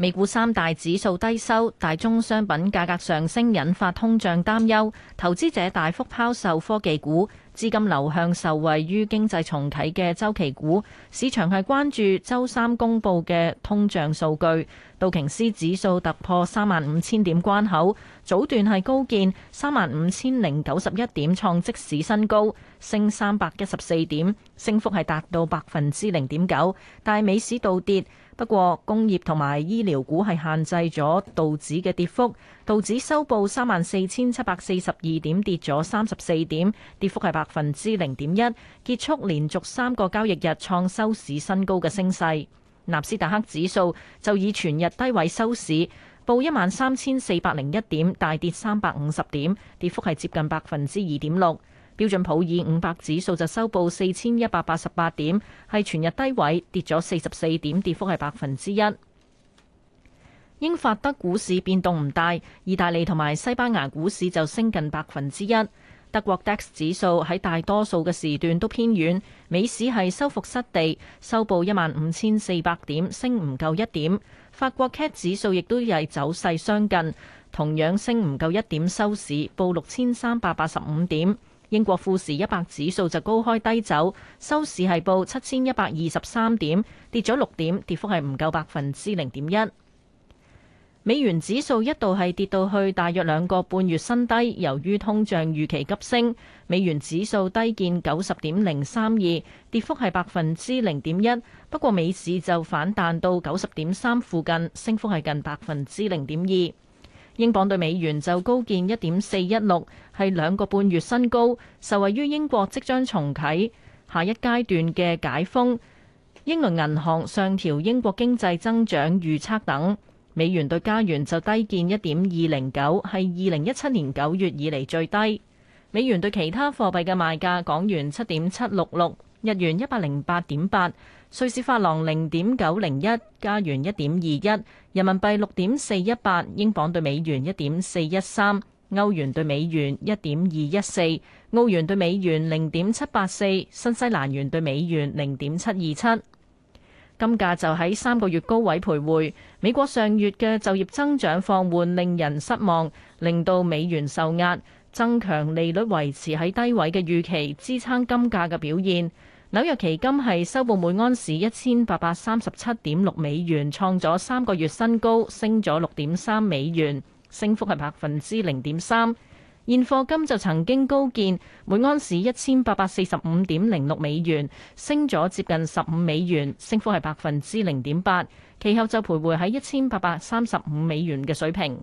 美股三大指數低收，大宗商品價格上升引發通脹擔憂，投資者大幅拋售科技股，資金流向受惠於經濟重啟嘅周期股。市場係關注周三公布嘅通脹數據，道瓊斯指數突破三萬五千點關口，早段係高見三萬五千零九十一點創即市新高，升三百一十四點，升幅係達到百分之零點九。但美市倒跌。不過，工業同埋醫療股係限制咗道指嘅跌幅，道指收報三萬四千七百四十二點，跌咗三十四點，跌幅係百分之零點一，結束連續三個交易日創收市新高嘅升勢。納斯達克指數就以全日低位收市，報一萬三千四百零一點，大跌三百五十點，跌幅係接近百分之二點六。標準普爾五百指數就收報四千一百八十八點，係全日低位，跌咗四十四點，跌幅係百分之一。英法德股市變動唔大，意大利同埋西班牙股市就升近百分之一。德國 DAX 指數喺大多數嘅時段都偏軟，美市係收復失地，收報一萬五千四百點，升唔夠一點。法國 CAC 指數亦都係走勢相近，同樣升唔夠一點收市，報六千三百八十五點。英國富時一百指數就高開低走，收市係報七千一百二十三點，跌咗六點，跌幅係唔夠百分之零點一。美元指數一度係跌到去大約兩個半月新低，由於通脹預期急升，美元指數低見九十點零三二，跌幅係百分之零點一。不過美市就反彈到九十點三附近，升幅係近百分之零點二。英鎊對美元就高見一點四一六，係兩個半月新高，受惠於英國即將重啟下一階段嘅解封。英倫銀行上調英國經濟增長預測等。美元對加元就低見一點二零九，係二零一七年九月以嚟最低。美元對其他貨幣嘅賣價，港元七點七六六。日元一百零八點八，瑞士法郎零點九零一，加元一點二一，人民幣六點四一八，英鎊兌美元一點四一三，歐元兌美元一點二一四，澳元兌美元零點七八四，新西蘭元兌美元零點七二七。金價就喺三個月高位徘徊。美國上月嘅就業增長放緩令人失望，令到美元受壓。增強利率維持喺低位嘅預期，支撐金價嘅表現。紐約期金係收報每安士一千八百三十七點六美元，創咗三個月新高，升咗六點三美元，升幅係百分之零點三。現貨金就曾經高見每安士一千八百四十五點零六美元，升咗接近十五美元，升幅係百分之零點八。其後就徘徊喺一千八百三十五美元嘅水平。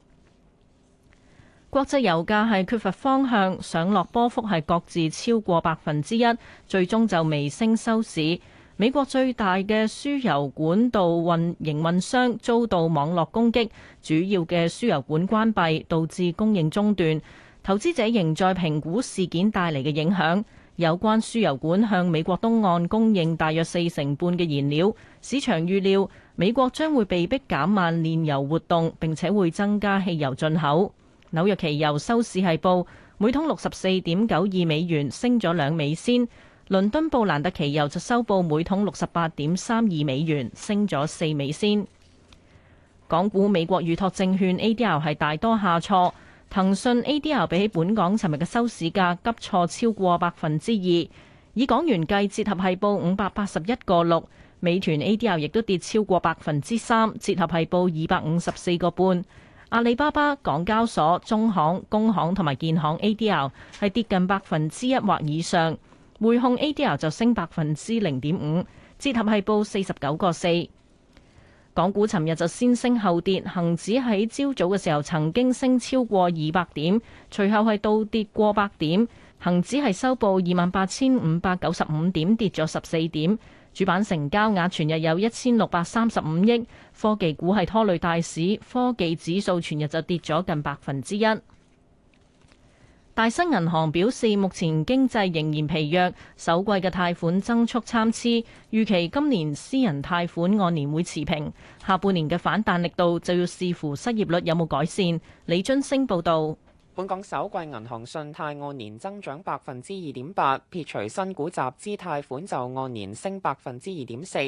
國際油價係缺乏方向，上落波幅係各自超過百分之一，最終就微升收市。美國最大嘅輸油管道運營運商遭到網絡攻擊，主要嘅輸油管關閉，導致供應中斷。投資者仍在評估事件帶嚟嘅影響。有關輸油管向美國東岸供應大約四成半嘅燃料，市場預料美國將會被迫減慢煉油活動，並且會增加汽油進口。紐約期油收市係報每桶六十四點九二美元，升咗兩美仙。倫敦布蘭特期油就收報每桶六十八點三二美元，升咗四美仙。港股美國預託證券 ADR 係大多下挫，騰訊 ADR 比起本港尋日嘅收市價急挫超過百分之二，以港元計折合係報五百八十一個六。美團 ADR 亦都跌超過百分之三，折合係報二百五十四個半。阿里巴巴、港交所、中行、工行同埋建行 ADR 係跌近百分之一或以上，匯控 ADR 就升百分之零點五，折合係報四十九個四。港股尋日就先升後跌，恒指喺朝早嘅時候曾經升超過二百點，隨後係倒跌過百點。恒指係收報二萬八千五百九十五點，跌咗十四點。主板成交額全日有一千六百三十五億。科技股係拖累大市，科技指數全日就跌咗近百分之一。大新銀行表示，目前經濟仍然疲弱，首季嘅貸款增速參差，預期今年私人貸款按年會持平，下半年嘅反彈力度就要視乎失業率有冇改善。李津升報道。本港首季銀行信貸按年增長百分之二點八，撇除新股集資貸款就按年升百分之二點四。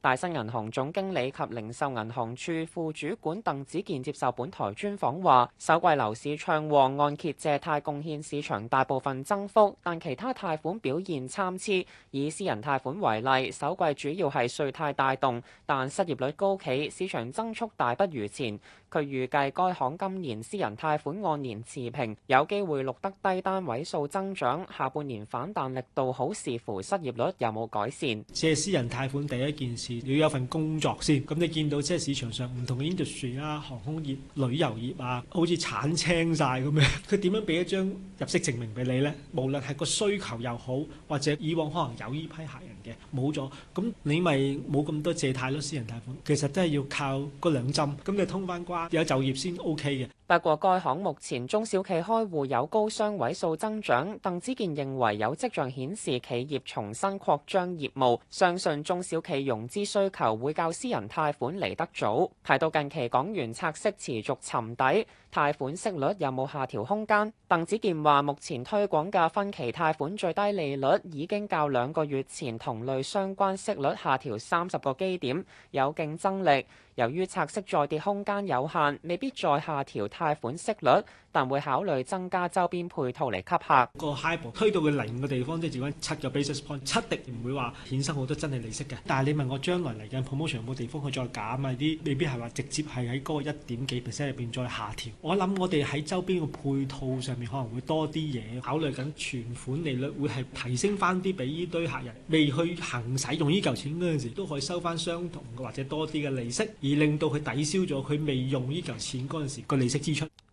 大新銀行總經理及零售銀行處副主管鄧子健接受本台專訪話，首季樓市暢旺按揭借貸貢獻市場大部分增幅，但其他貸款表現參差。以私人貸款為例，首季主要係稅貸帶動，但失業率高企，市場增速大不如前。佢預計該行今年私人貸款按年持平，有機會錄得低單位數增長。下半年反彈力度好視乎失業率有冇改善。借私人貸款第一件事要有份工作先。咁你見到即係市場上唔同嘅 industry 啦，航空業、旅遊業啊，好似慘青曬咁樣。佢點樣俾一張入息證明俾你呢？無論係個需求又好，或者以往可能有呢批客人嘅冇咗，咁你咪冇咁多借貸咯。私人貸款其實都係要靠嗰兩針，咁你通翻關。有就業先 OK 嘅。不過，該行目前中小企開戶有高雙位數增長。鄧子健認為有跡象顯示企業重新擴張業務，相信中小企融資需求會較私人貸款嚟得早。提到近期港元拆息持續沉底，貸款息率有冇下調空間？鄧子健話：目前推廣嘅分期貸款最低利率已經較兩個月前同類相關息率下調三十個基點，有競爭力。由於拆息再跌空間有限，未必再下調。貸款息率，但會考慮增加周邊配套嚟吸客。個 hyper 推到嘅零嘅地方，即係只七個 basis point，七滴唔會話衍生好多真係利息嘅。但係你問我將來嚟緊 promotion 有冇地方去再減啊？啲未必係話直接係喺嗰個一點幾 percent 入邊再下調。我諗我哋喺周邊嘅配套上面可能會多啲嘢，考慮緊存款利率會係提升翻啲俾呢堆客人未去行使用呢嚿錢嗰陣時，都可以收翻相同或者多啲嘅利息，而令到佢抵消咗佢未用呢嚿錢嗰陣時個利息。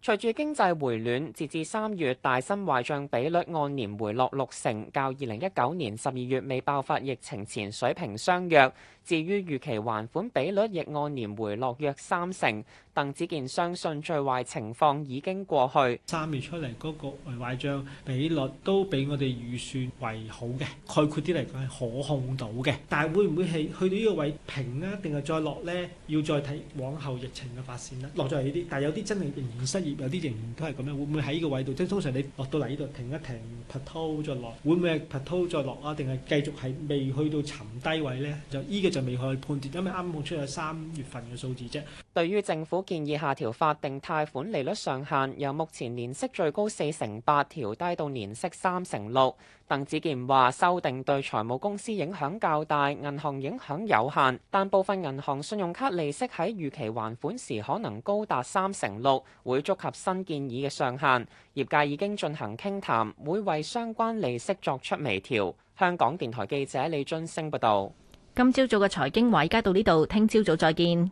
隨住經濟回暖，截至三月，大新壞賬比率按年回落六成，較二零一九年十二月未爆發疫情前水平相若。至於預期還款比率亦按年回落約三成，鄧子健相信最壞情況已經過去。三月出嚟嗰個壞賬比率都畀我哋預算為好嘅，概括啲嚟講係可控到嘅。但係會唔會係去到呢個位平咧、啊，定係再落咧？要再睇往後疫情嘅發展啦、啊。落咗係呢啲，但係有啲真係仍然失業，有啲仍然都係咁樣。會唔會喺呢個位度？即係通常你落到嚟呢度停一停 p 再落，會唔會 p a 再落啊？定係繼續係未去到沉低位咧？就呢、這個。就未去判斷，因為啱啱出咗三月份嘅數字啫。對於政府建議下調法定貸款利率上限，由目前年息最高四成八調低到年息三成六，鄧子健話，修訂對財務公司影響較大，銀行影響有限，但部分銀行信用卡利息喺逾期還款時可能高達三成六，會觸及新建議嘅上限。業界已經進行傾談，會為相關利息作出微調。香港電台記者李津升報道。今朝早嘅財經華爾街到呢度，聽朝早再見。